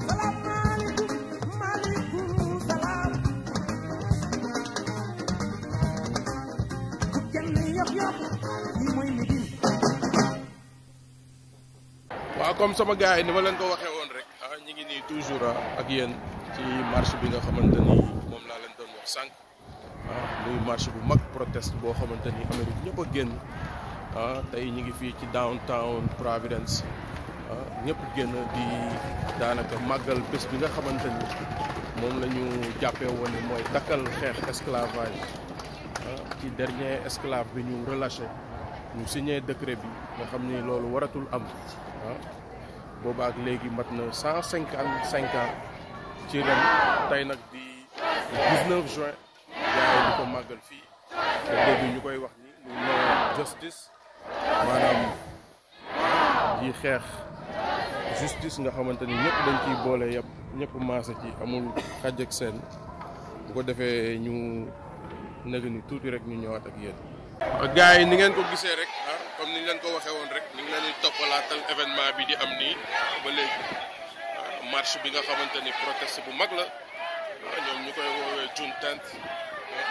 waaw comme sama gars yi ni ma leen ko waxee woon rek ah ngi nii toujours ah, ak yéen ci marche bi nga xamante moom laa leen doon wax sànq ah muy marche bu mag proteste boo xamante ni ñëpp a génn ah, tey ñu ngi fii ci downtown Providence ñëpp génn di daanaka màggal bés bi nga xamante ni moom lañu ñu jàppee woon ni mooy dakkal xeex esclavage ah, ci dernier esclave bi ñu relâché ñu signé décret bi nga xam ni loolu waratul am ah booba ak léegi mat na cent cinquante cinq ans ci ren tey nag di juin gars yi ko màggal fii te dégg ñu koy wax ni muy no justice maanaam di xeex justice nga xamante ni ñëpp dañ ciy boole yëpp ñëpp maase ci amul xàjj ak seen bu ko defee ñu nekk ni tuuti rek ñu ñëwaat ak yéen. gars yi ni ngeen ko gisee rek ah comme ni leen ko waxee woon rek ni ngi leen di toppalaatal événement bi di am nii ba léegi ah, marche bi nga xamante ni proteste bu mag la ah, ñoom ñu koy woowee juntent ah,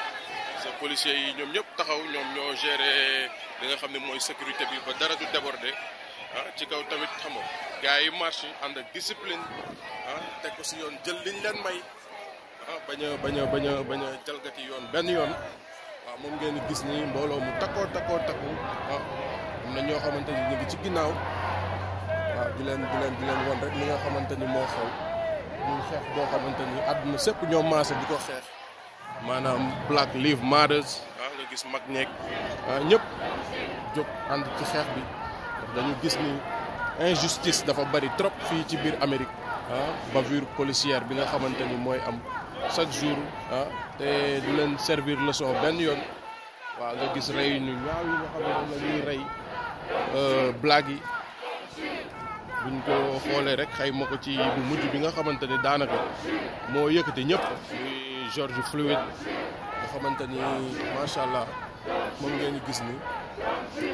sa policiers yi ñoom ñëpp taxaw ñoom ñoo gérer li nga xam ne mooy sécurité bi ba dara du déborder. ah ci kaw tamit xam nga gars yi marche ànd ak discipline ah teg ko si yoon jël liñ leen may ah bañ a bañ a bañ a bañ a jalgati yoon benn yoon waaw ah, moom ngeen gis nii mbooloo mu takkoo takkoo takku ah, am na ñoo xamante ni ñu ci ginnaaw waaw ah, di leen di leen di leen won rek li nga xamante ni moo xew muy xeex boo xamante ni àdduna sépp ñoo maase di ko xeex maanaam Black Lives Matters ah nga gis mag ñeeg ñëpp jóg ànd ci xeex bi. dañu gis ni injustice dafa bari trop fii ci biir Amérique ah bavure policière bi nga xamante ni mooy am chaque jour ah te du leen servir leçon benn yoon waaw nga gis rey ñu ñaaw yi nga xam ne moom rey euh, blague yi buñ ko xoolee rek xayma ko ci bu mujj bi nga xamante ni daanaka moo yëkkati ñëpp muy George Floyd nga xamante ni allah moom ngeen gis ni.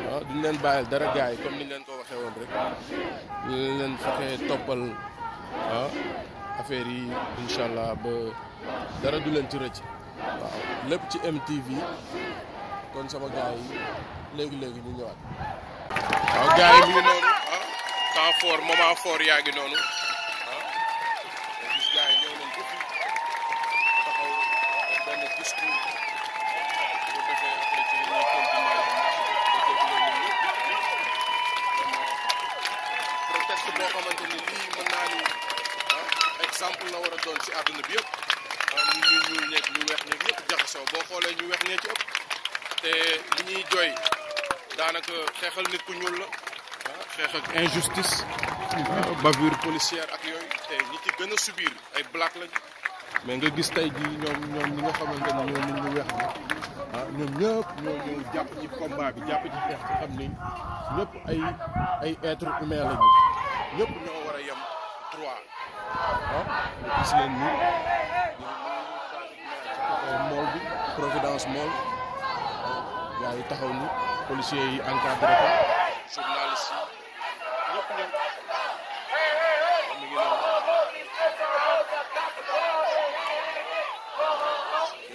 waaw duñ leen bàyyil dara gars yi comme niñ leen ko waxee woon rek ñu leen fexe toppal ah affaire yi incha allah ba dara du leen ci rëcc. waaw lépp ci MTV kon sama gars yi léegi léegi ñu ñëwaat. waaw gars yi mu ngi noonu ah temps fort moment fort yaa ngi noonu xamante ni ah, exemple la war a doon ci àdduna yëpp ah, ñu ñu ñuul ñeeg ñu boo xoolee ñu weex ñee ci li ñuy jooy daanaka xeexal nit ku la ah, xeex ak injustice policière ak yooyu te ñi ay black lañu mais nga gis tey jii ñoom ñoom ñi nga xamante ni ñoom nit ñoom jàpp ci combat bi jàpp ci xeex ci xam ni ñëpp ay être humain lañu ñëpp ñoo war a yem droit ah gis ngeen ni mool bi Providence mool gaa yi taxaw ni policiers yi encadré ko journaliste yi ñëpp ñëpp yéen a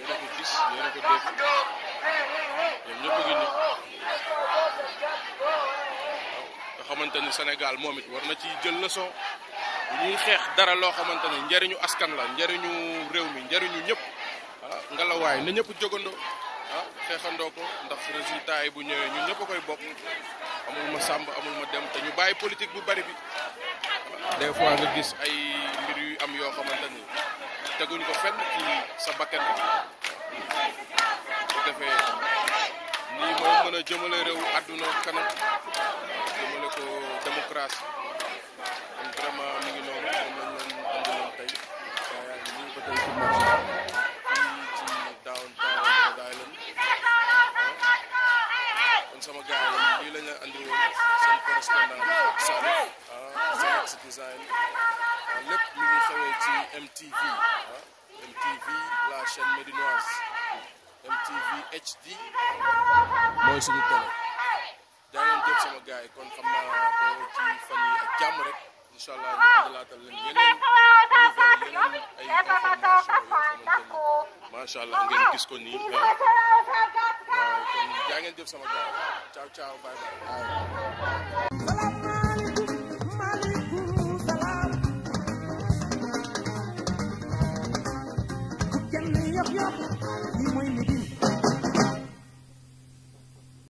ko gis yéen a ko dégg ñoom ñëpp xamante ni Sénégal moom war na ci jël leçon bu dara loo xamante ni njëriñu askan la njëriñu réew mi njëriñu ñëpp ah ngelawaay na ñëpp jógandoo ah xeexandoo ko ndax résultat yi bu ñëwee ñu ñëpp a koy bokk amul ma sàmb amul ma dem te ñu bàyyi politique bu bari bi ah, des nga gis ay mbir yu am yoo xamante ni teguñ ko fenn ci sa bakkan bu defee. lii mooy mën a jëmale réew àdduna kanam jëmale ko démocratie kon vraiment mi ngi noonu moom lañ leen andiloon tey gaa yaa ngi nii ba tey ci marché fii ci downtown Rhode Island kon sama gaa yi lii lañ leen andi woon seen correspondant Sane ah, Sanex Design ah, lépp mi ngi xewee ci MTV ah, MTV la chaîne médinoise MTV HD mooy suñu télé daa ngeen jëf sama gars yi kon xam naa ko ci fan yi ak jàmm rek incha allah ñu andilaatal leen yeneen yeneen ay information yoo xamante ni macha allah ngeen gis ko nii ah. waaw kon daa ngeen jëf sama gars yi ciao ciao bye bye.